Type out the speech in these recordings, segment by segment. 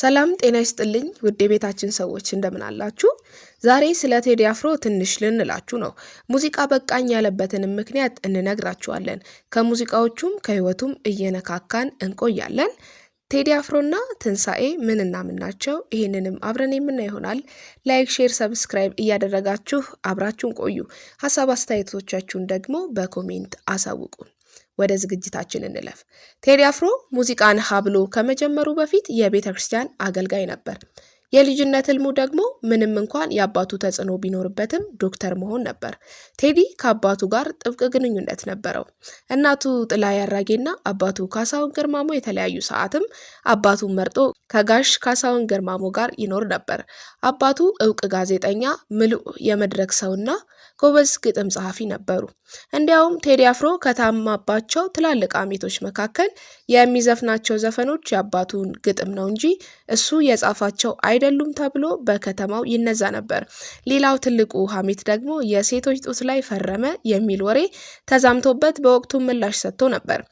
ሰላም ጤና ይስጥልኝ ውድ የቤታችን ሰዎች እንደምን አላችሁ? ዛሬ ስለ ቴዲ አፍሮ ትንሽ ልንላችሁ ነው። ሙዚቃ በቃኝ ያለበትንም ምክንያት እንነግራችኋለን። ከሙዚቃዎቹም ከህይወቱም እየነካካን እንቆያለን። ቴዲ አፍሮና ትንሣኤ ምን እና ምን ናቸው? ይህንንም አብረን የምናይ ይሆናል። ላይክ፣ ሼር፣ ሰብስክራይብ እያደረጋችሁ አብራችሁን ቆዩ። ሀሳብ አስተያየቶቻችሁን ደግሞ በኮሜንት አሳውቁን። ወደ ዝግጅታችን እንለፍ። ቴዲ አፍሮ ሙዚቃን ሀ ብሎ ከመጀመሩ በፊት የቤተ ክርስቲያን አገልጋይ ነበር። የልጅነት ህልሙ ደግሞ ምንም እንኳን የአባቱ ተጽዕኖ ቢኖርበትም ዶክተር መሆን ነበር። ቴዲ ከአባቱ ጋር ጥብቅ ግንኙነት ነበረው። እናቱ ጥላይ አራጌና አባቱ ካሳሁን ገርማሞ የተለያዩ ሰዓትም አባቱን መርጦ ከጋሽ ካሳሁን ገርማሞ ጋር ይኖር ነበር። አባቱ እውቅ ጋዜጠኛ፣ ምሉእ የመድረክ ሰውና ጎበዝ ግጥም ጸሐፊ ነበሩ። እንዲያውም ቴዲ አፍሮ ከታማባቸው ትላልቅ አሜቶች መካከል የሚዘፍናቸው ዘፈኖች የአባቱን ግጥም ነው እንጂ እሱ የጻፋቸው አይደሉም ተብሎ በከተማው ይነዛ ነበር። ሌላው ትልቁ ሀሜት ደግሞ የሴቶች ጡት ላይ ፈረመ የሚል ወሬ ተዛምቶበት በወቅቱ ምላሽ ሰጥቶ ነበር።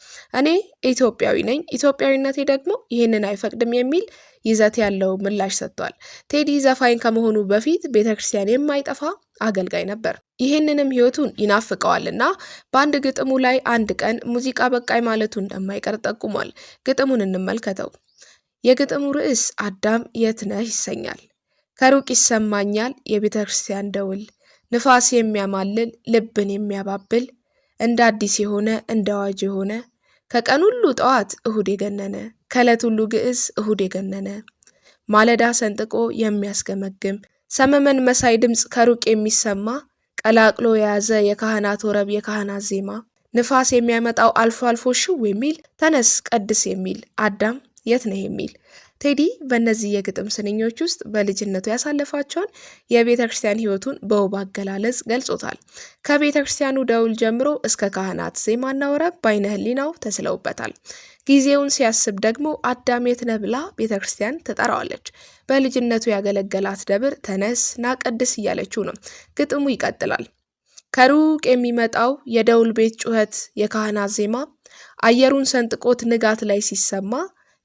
እኔ ኢትዮጵያዊ ነኝ፣ ኢትዮጵያዊነቴ ደግሞ ይህንን አይፈቅድም የሚል ይዘት ያለው ምላሽ ሰጥቷል። ቴዲ ዘፋኝ ከመሆኑ በፊት ቤተ ክርስቲያን የማይጠፋ አገልጋይ ነበር። ይህንንም ህይወቱን ይናፍቀዋልና በአንድ ግጥሙ ላይ አንድ ቀን ሙዚቃ በቃይ ማለቱ እንደማይቀር ጠቁሟል። ግጥሙን እንመልከተው። የግጥሙ ርዕስ አዳም የት ነህ ይሰኛል። ከሩቅ ይሰማኛል የቤተ ክርስቲያን ደውል፣ ንፋስ የሚያማልል ልብን የሚያባብል እንደ አዲስ የሆነ እንደ አዋጅ የሆነ ከቀን ሁሉ ጠዋት እሁድ የገነነ ከዕለት ሁሉ ግዕዝ እሁድ የገነነ ማለዳ ሰንጥቆ የሚያስገመግም ሰመመን መሳይ ድምፅ ከሩቅ የሚሰማ ቀላቅሎ የያዘ የካህናት ወረብ የካህናት ዜማ ንፋስ የሚያመጣው አልፎ አልፎ ሽው የሚል ተነስ ቀድስ የሚል አዳም የት ነህ የሚል ቴዲ በእነዚህ የግጥም ስንኞች ውስጥ በልጅነቱ ያሳለፋቸውን የቤተ ክርስቲያን ህይወቱን በውብ አገላለጽ ገልጾታል። ከቤተ ክርስቲያኑ ደውል ጀምሮ እስከ ካህናት ዜማና ወረብ በአይነ ህሊናው ተስለውበታል። ጊዜውን ሲያስብ ደግሞ አዳም ነህ ብላ ቤተ ክርስቲያን ትጠራዋለች። በልጅነቱ ያገለገላት ደብር ተነስ ና ቀድስ እያለችው ነው። ግጥሙ ይቀጥላል። ከሩቅ የሚመጣው የደውል ቤት ጩኸት፣ የካህናት ዜማ አየሩን ሰንጥቆት ንጋት ላይ ሲሰማ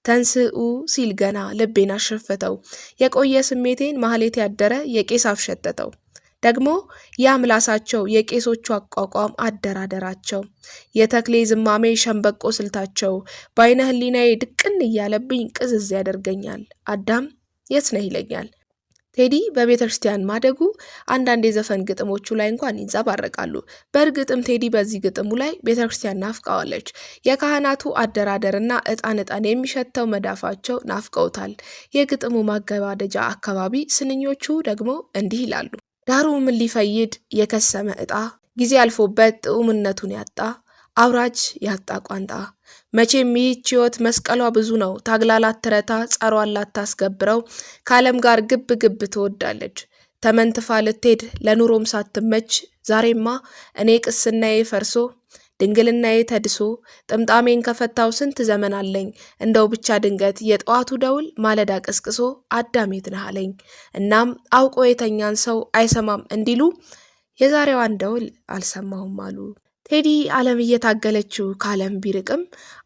ተንስኡ ሲል ገና ልቤን አሸፈተው። የቆየ ስሜቴን ማህሌት ያደረ የቄስ አፍ ደግሞ ያ ምላሳቸው የቄሶቹ አቋቋም አደራደራቸው፣ የተክሌ ዝማሜ ሸንበቆ ስልታቸው በአይነ ህሊናዬ ድቅን እያለብኝ ቅዝዝ ያደርገኛል። አዳም የት ነህ ይለኛል። ቴዲ በቤተ ክርስቲያን ማደጉ አንዳንድ የዘፈን ግጥሞቹ ላይ እንኳን ይንጸባረቃሉ። በእርግጥም ቴዲ በዚህ ግጥሙ ላይ ቤተ ክርስቲያን ናፍቃዋለች። የካህናቱ አደራደርና እጣን እጣን የሚሸተው መዳፋቸው ናፍቀውታል። የግጥሙ ማገባደጃ አካባቢ ስንኞቹ ደግሞ እንዲህ ይላሉ። ዳሩ ምን ሊፈይድ የከሰመ እጣ ጊዜ አልፎበት ጥዑምነቱን ያጣ አውራጅ ያጣ ቋንጣ መቼም ይህች ሕይወት መስቀሏ ብዙ ነው። ታግላ ላትረታ፣ ጸሯ ላታስገብረው፣ ከዓለም ጋር ግብ ግብ ትወዳለች። ተመንትፋ ልትሄድ ለኑሮም ሳትመች፣ ዛሬማ እኔ ቅስናዬ ፈርሶ ድንግልናዬ ተድሶ ጥምጣሜን ከፈታው ስንት ዘመን አለኝ። እንደው ብቻ ድንገት የጠዋቱ ደውል ማለዳ ቀስቅሶ አዳም የት ነህ አለኝ። እናም አውቆ የተኛን ሰው አይሰማም እንዲሉ የዛሬዋን ደውል አልሰማሁም አሉ። ቴዲ ዓለም እየታገለችው ከዓለም ቢርቅም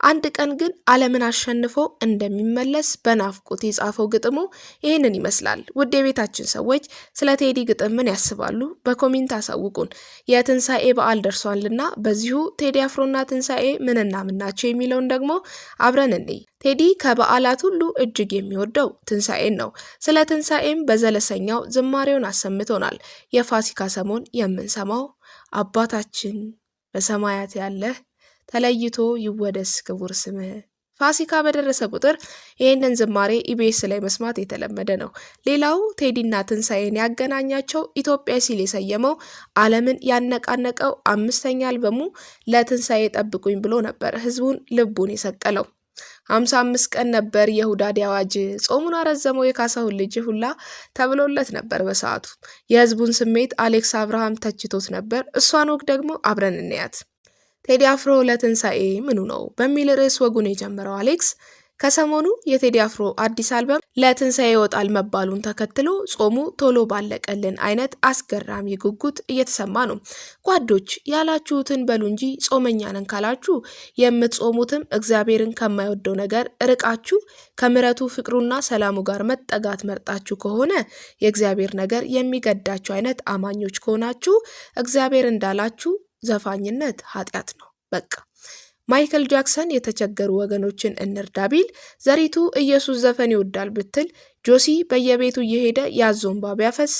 አንድ ቀን ግን ዓለምን አሸንፎ እንደሚመለስ በናፍቆት የጻፈው ግጥሙ ይህንን ይመስላል። ውድ የቤታችን ሰዎች ስለ ቴዲ ግጥም ምን ያስባሉ? በኮሜንት አሳውቁን። የትንሣኤ በዓል ደርሷልና በዚሁ ቴዲ አፍሮና ትንሣኤ ምንና ምናቸው የሚለውን ደግሞ አብረን እንይ። ቴዲ ከበዓላት ሁሉ እጅግ የሚወደው ትንሣኤን ነው። ስለ ትንሣኤም በዘለሰኛው ዝማሬውን አሰምቶናል። የፋሲካ ሰሞን የምንሰማው አባታችን በሰማያት ያለህ ተለይቶ ይወደስ ክቡር ስምህ። ፋሲካ በደረሰ ቁጥር ይህንን ዝማሬ ኢቢኤስ ላይ መስማት የተለመደ ነው። ሌላው ቴዲና ትንሣኤን ያገናኛቸው ኢትዮጵያ ሲል የሰየመው ዓለምን ያነቃነቀው አምስተኛ አልበሙ ለትንሣኤ ጠብቁኝ ብሎ ነበር ህዝቡን ልቡን የሰቀለው። ሀምሳ አምስት ቀን ነበር የሁዳዴ አዋጅ ጾሙን አረዘመው የካሳሁን ልጅ ሁላ ተብሎለት ነበር። በሰዓቱ የህዝቡን ስሜት አሌክስ አብርሃም ተችቶት ነበር። እሷን ወግ ደግሞ አብረን እንያት። ቴዲ አፍሮ ለትንሣኤ ምኑ ነው በሚል ርዕስ ወጉን የጀመረው አሌክስ ከሰሞኑ የቴዲ አፍሮ አዲስ አልበም ለትንሣኤ ይወጣል መባሉን ተከትሎ ጾሙ ቶሎ ባለቀልን አይነት አስገራሚ ጉጉት እየተሰማ ነው። ጓዶች ያላችሁትን በሉ እንጂ ጾመኛ ነን ካላችሁ የምትጾሙትም እግዚአብሔርን ከማይወደው ነገር ርቃችሁ ከምረቱ ፍቅሩና ሰላሙ ጋር መጠጋት መርጣችሁ ከሆነ የእግዚአብሔር ነገር የሚገዳችሁ አይነት አማኞች ከሆናችሁ እግዚአብሔር እንዳላችሁ ዘፋኝነት ኃጢአት ነው። በቃ ማይክል ጃክሰን የተቸገሩ ወገኖችን እንርዳ ቢል፣ ዘሪቱ ኢየሱስ ዘፈን ይወዳል ብትል፣ ጆሲ በየቤቱ እየሄደ ያዞንባ ቢያፈስ፣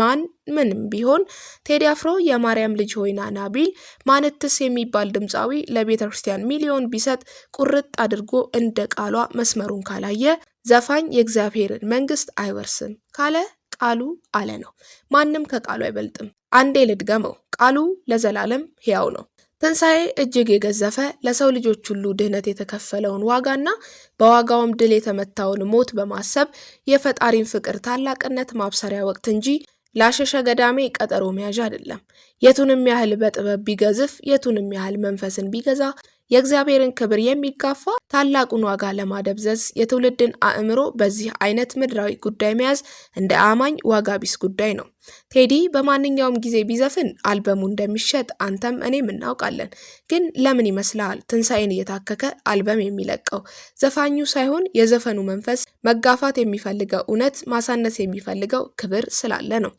ማን ምንም ቢሆን፣ ቴዲ አፍሮ የማርያም ልጅ ሆይ ናና ቢል፣ ማንትስ የሚባል ድምፃዊ ለቤተ ክርስቲያን ሚሊዮን ቢሰጥ ቁርጥ አድርጎ እንደ ቃሏ መስመሩን ካላየ ዘፋኝ የእግዚአብሔርን መንግስት አይወርስም ካለ ቃሉ አለ ነው። ማንም ከቃሉ አይበልጥም። አንዴ ልድገመው፣ ቃሉ ለዘላለም ሕያው ነው። ትንሣኤ እጅግ የገዘፈ ለሰው ልጆች ሁሉ ድህነት የተከፈለውን ዋጋና በዋጋውም ድል የተመታውን ሞት በማሰብ የፈጣሪን ፍቅር ታላቅነት ማብሰሪያ ወቅት እንጂ ላሸሸ ገዳሜ ቀጠሮ መያዣ አይደለም። የቱንም ያህል በጥበብ ቢገዝፍ፣ የቱንም ያህል መንፈስን ቢገዛ የእግዚአብሔርን ክብር የሚጋፋ ታላቁን ዋጋ ለማደብዘዝ የትውልድን አእምሮ በዚህ አይነት ምድራዊ ጉዳይ መያዝ እንደ አማኝ ዋጋ ቢስ ጉዳይ ነው። ቴዲ በማንኛውም ጊዜ ቢዘፍን አልበሙ እንደሚሸጥ አንተም እኔም እናውቃለን። ግን ለምን ይመስልሃል ትንሣኤን እየታከከ አልበም የሚለቀው? ዘፋኙ ሳይሆን የዘፈኑ መንፈስ መጋፋት የሚፈልገው እውነት ማሳነስ የሚፈልገው ክብር ስላለ ነው።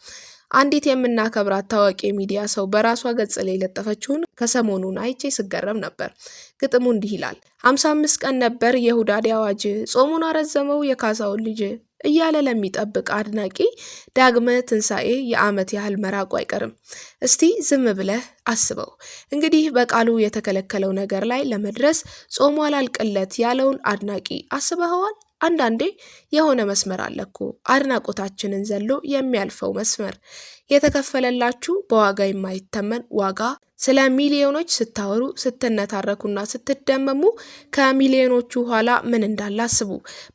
አንዲት የምናከብራት ታዋቂ የሚዲያ ሰው በራሷ ገጽ ላይ የለጠፈችውን ከሰሞኑን አይቼ ስገረም ነበር። ግጥሙ እንዲህ ይላል። ሀምሳ አምስት ቀን ነበር የሁዳዴ አዋጅ፣ ጾሙን አረዘመው የካሳውን ልጅ እያለ ለሚጠብቅ አድናቂ ዳግመ ትንሣኤ የዓመት ያህል መራቁ አይቀርም። እስቲ ዝም ብለህ አስበው። እንግዲህ በቃሉ የተከለከለው ነገር ላይ ለመድረስ ጾሙ አላልቅለት ያለውን አድናቂ አስበኸዋል? አንዳንዴ የሆነ መስመር አለ እኮ አድናቆታችንን ዘሎ የሚያልፈው መስመር የተከፈለላችሁ በዋጋ የማይተመን ዋጋ ስለ ሚሊዮኖች ስታወሩ ስትነታረኩና ስትደመሙ ከሚሊዮኖቹ ኋላ ምን እንዳለ አስቡ።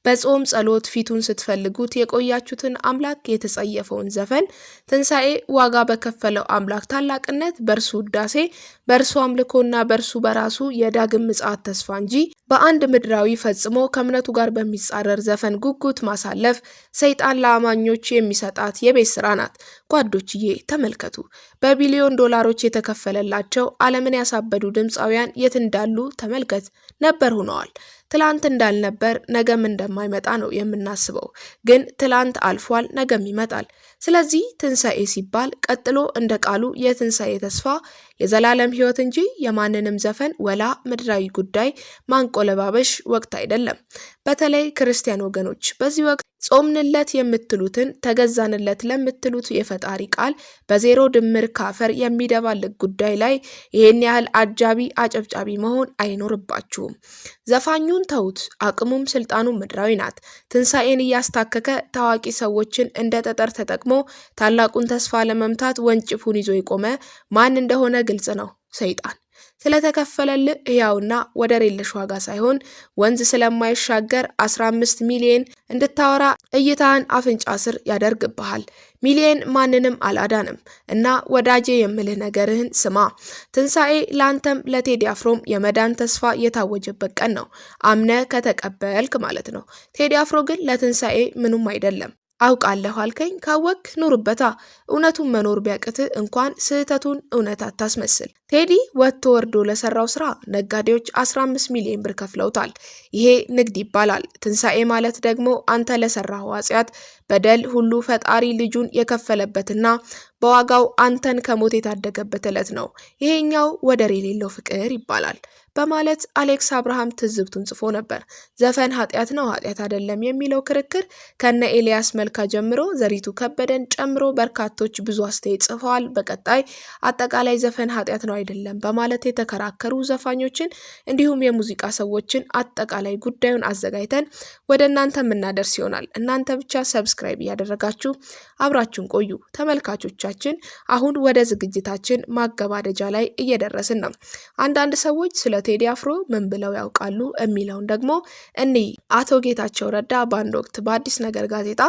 በጾም ጸሎት ፊቱን ስትፈልጉት የቆያችሁትን አምላክ የተጸየፈውን ዘፈን ትንሣኤ ዋጋ በከፈለው አምላክ ታላቅነት፣ በእርሱ ውዳሴ፣ በእርሱ አምልኮና በእርሱ በራሱ የዳግም ምጽአት ተስፋ እንጂ በአንድ ምድራዊ ፈጽሞ ከእምነቱ ጋር በሚጻረር ዘፈን ጉጉት ማሳለፍ ሰይጣን ለአማኞች የሚሰጣት የቤት ስራ ናት። ጓዶችዬ ተመልከቱ። በቢሊዮን ዶላሮች የተከፈለ ያላቸው ዓለምን ያሳበዱ ድምፃውያን የት እንዳሉ ተመልከት ነበር ሆነዋል። ትላንት እንዳልነበር ነገም እንደማይመጣ ነው የምናስበው፣ ግን ትላንት አልፏል፣ ነገም ይመጣል። ስለዚህ ትንሣኤ ሲባል ቀጥሎ እንደ ቃሉ የትንሣኤ ተስፋ የዘላለም ሕይወት እንጂ የማንንም ዘፈን ወላ ምድራዊ ጉዳይ ማንቆለባበሽ ወቅት አይደለም። በተለይ ክርስቲያን ወገኖች በዚህ ወቅት ጾምንለት የምትሉትን ተገዛንለት ለምትሉት የፈጣሪ ቃል በዜሮ ድምር ካፈር የሚደባልቅ ጉዳይ ላይ ይህን ያህል አጃቢ አጨብጫቢ መሆን አይኖርባችሁም። ዘፋኙን ተዉት፣ አቅሙም ስልጣኑ ምድራዊ ናት። ትንሣኤን እያስታከከ ታዋቂ ሰዎችን እንደ ጠጠር ተጠቅሞ ታላቁን ተስፋ ለመምታት ወንጭፉን ይዞ የቆመ ማን እንደሆነ ግልጽ ነው፣ ሰይጣን። ስለተከፈለልህ ሕያውና ወደር የለሽ ዋጋ ሳይሆን ወንዝ ስለማይሻገር 15 ሚሊየን እንድታወራ እይታህን አፍንጫ ስር ያደርግብሃል። ሚሊየን ማንንም አላዳንም እና ወዳጄ የምልህ ነገርህን ስማ። ትንሣኤ ለአንተም ለቴዲ አፍሮም የመዳን ተስፋ የታወጀበት ቀን ነው፣ አምነ ከተቀበልክ ማለት ነው። ቴዲ አፍሮ ግን ለትንሣኤ ምኑም አይደለም። አውቃለሁ አልከኝ ካወክ ኑርበታ። እውነቱን መኖር ቢያቅት እንኳን ስህተቱን እውነት አታስመስል። ቴዲ ወጥቶ ወርዶ ለሰራው ስራ ነጋዴዎች 15 ሚሊዮን ብር ከፍለውታል። ይሄ ንግድ ይባላል። ትንሣኤ ማለት ደግሞ አንተ ለሰራኸው ኃጢአት በደል ሁሉ ፈጣሪ ልጁን የከፈለበትና በዋጋው አንተን ከሞት የታደገበት ዕለት ነው። ይሄኛው ወደር የሌለው ፍቅር ይባላል በማለት አሌክስ አብርሃም ትዝብቱን ጽፎ ነበር። ዘፈን ኃጢአት ነው ኃጢአት አይደለም የሚለው ክርክር ከነ ኤልያስ መልካ ጀምሮ ዘሪቱ ከበደን ጨምሮ በርካቶች ብዙ አስተያየት ጽፈዋል። በቀጣይ አጠቃላይ ዘፈን ኃጢአት ነው አይደለም በማለት የተከራከሩ ዘፋኞችን እንዲሁም የሙዚቃ ሰዎችን አጠቃላይ ጉዳዩን አዘጋጅተን ወደ እናንተ የምናደርስ ይሆናል። እናንተ ብቻ ሰብስ ሰብስክራይብ እያደረጋችሁ አብራችሁን ቆዩ። ተመልካቾቻችን አሁን ወደ ዝግጅታችን ማገባደጃ ላይ እየደረስን ነው። አንዳንድ ሰዎች ስለ ቴዲ አፍሮ ምን ብለው ያውቃሉ የሚለውን ደግሞ እኒ አቶ ጌታቸው ረዳ በአንድ ወቅት በአዲስ ነገር ጋዜጣ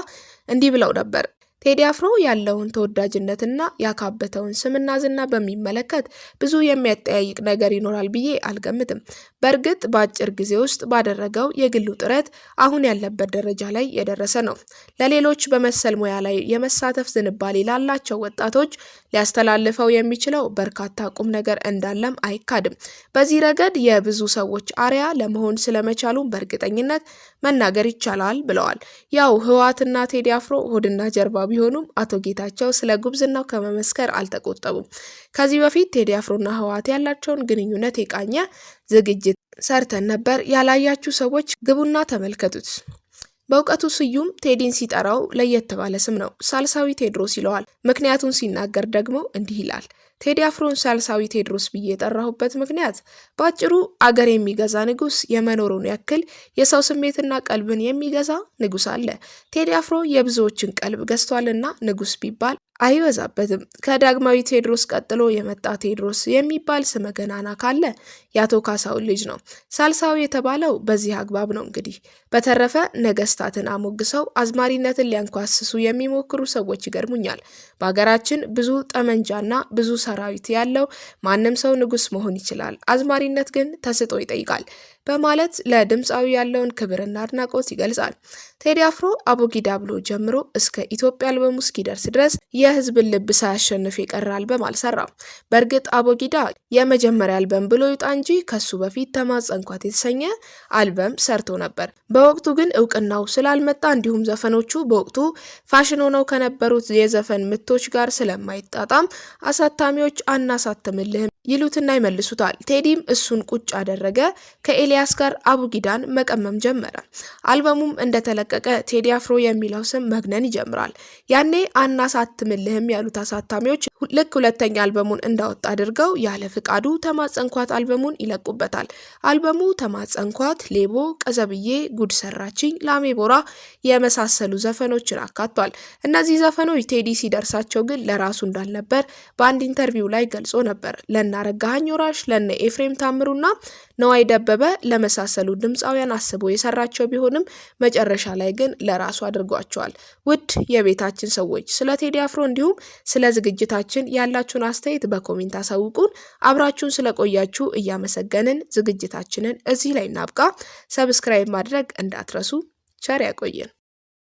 እንዲህ ብለው ነበር። ቴዲ አፍሮ ያለውን ተወዳጅነትና ያካበተውን ስምና ዝና በሚመለከት ብዙ የሚያጠያይቅ ነገር ይኖራል ብዬ አልገምትም። በእርግጥ በአጭር ጊዜ ውስጥ ባደረገው የግሉ ጥረት አሁን ያለበት ደረጃ ላይ የደረሰ ነው። ለሌሎች በመሰል ሙያ ላይ የመሳተፍ ዝንባሌ ላላቸው ወጣቶች ሊያስተላልፈው የሚችለው በርካታ ቁም ነገር እንዳለም አይካድም። በዚህ ረገድ የብዙ ሰዎች አርያ ለመሆን ስለመቻሉም በእርግጠኝነት መናገር ይቻላል ብለዋል። ያው ህወሓትና ቴዲ አፍሮ ሆድና ጀርባ ቢሆኑም አቶ ጌታቸው ስለ ጉብዝናው ከመመስከር አልተቆጠቡም። ከዚህ በፊት ቴዲ አፍሮና ህወሓት ያላቸውን ግንኙነት የቃኘ ዝግጅት ሰርተን ነበር። ያላያችሁ ሰዎች ግቡና ተመልከቱት። በእውቀቱ ስዩም ቴዲን ሲጠራው ለየት ባለ ስም ነው፣ ሳልሳዊ ቴድሮስ ይለዋል። ምክንያቱን ሲናገር ደግሞ እንዲህ ይላል። ቴዲ አፍሮን ሳልሳዊ ቴድሮስ ብዬ የጠራሁበት ምክንያት በአጭሩ አገር የሚገዛ ንጉስ የመኖሩን ያክል የሰው ስሜትና ቀልብን የሚገዛ ንጉስ አለ። ቴዲ አፍሮ የብዙዎችን ቀልብ ገዝቷልና ንጉስ ቢባል አይበዛበትም። ከዳግማዊ ቴዎድሮስ ቀጥሎ የመጣ ቴዎድሮስ የሚባል ስመ ገናና ካለ የአቶ ካሳውን ልጅ ነው። ሳልሳዊ የተባለው በዚህ አግባብ ነው። እንግዲህ በተረፈ ነገስታትን አሞግሰው አዝማሪነትን ሊያንኳስሱ የሚሞክሩ ሰዎች ይገርሙኛል። በሀገራችን ብዙ ጠመንጃና ብዙ ሰራዊት ያለው ማንም ሰው ንጉስ መሆን ይችላል። አዝማሪነት ግን ተስጦ ይጠይቃል። በማለት ለድምፃዊ ያለውን ክብርና አድናቆት ይገልጻል። ቴዲ አፍሮ አቦጊዳ ብሎ ጀምሮ እስከ ኢትዮጵያ አልበሙ እስኪደርስ ድረስ የህዝብን ልብ ሳያሸንፍ የቀረ አልበም አልሰራም። በእርግጥ አቦጊዳ የመጀመሪያ አልበም ብሎ ይውጣ እንጂ ከሱ በፊት ተማጸንኳት የተሰኘ አልበም ሰርቶ ነበር። በወቅቱ ግን እውቅናው ስላልመጣ እንዲሁም ዘፈኖቹ በወቅቱ ፋሽን ሆነው ከነበሩት የዘፈን ምቶች ጋር ስለማይጣጣም አሳታሚዎች አናሳትምልህም ይሉትና ይመልሱታል። ቴዲም እሱን ቁጭ አደረገ። ከኤልያስ ጋር አቡጊዳን መቀመም ጀመረ። አልበሙም እንደተለቀቀ ቴዲ አፍሮ የሚለው ስም መግነን ይጀምራል። ያኔ አናሳትምልህም ያሉት አሳታሚዎች ልክ ሁለተኛ አልበሙን እንዳወጣ አድርገው ያለ ፍቃዱ ተማጸንኳት አልበሙን ይለቁበታል። አልበሙ ተማጸንኳት፣ ሌቦ፣ ቀዘብዬ፣ ጉድ ሰራችኝ፣ ላሜ ቦራ የመሳሰሉ ዘፈኖችን አካቷል። እነዚህ ዘፈኖች ቴዲ ሲደርሳቸው ግን ለራሱ እንዳልነበር በአንድ ኢንተርቪው ላይ ገልጾ ነበር። ለእነ አረጋኸኝ ወራሽ፣ ኤፍሬም ታምሩና ነዋይ ደበበ ለመሳሰሉ ድምፃውያን አስቦ የሰራቸው ቢሆንም መጨረሻ ላይ ግን ለራሱ አድርጓቸዋል። ውድ የቤታችን ሰዎች ስለ ቴዲ አፍሮ እንዲሁም ስለ ዝግጅታችን ያላችሁን አስተያየት በኮሜንት አሳውቁን። አብራችሁን ስለቆያችሁ እያመሰገንን ዝግጅታችንን እዚህ ላይ እናብቃ። ሰብስክራይብ ማድረግ እንዳትረሱ። ቸር ያቆየን።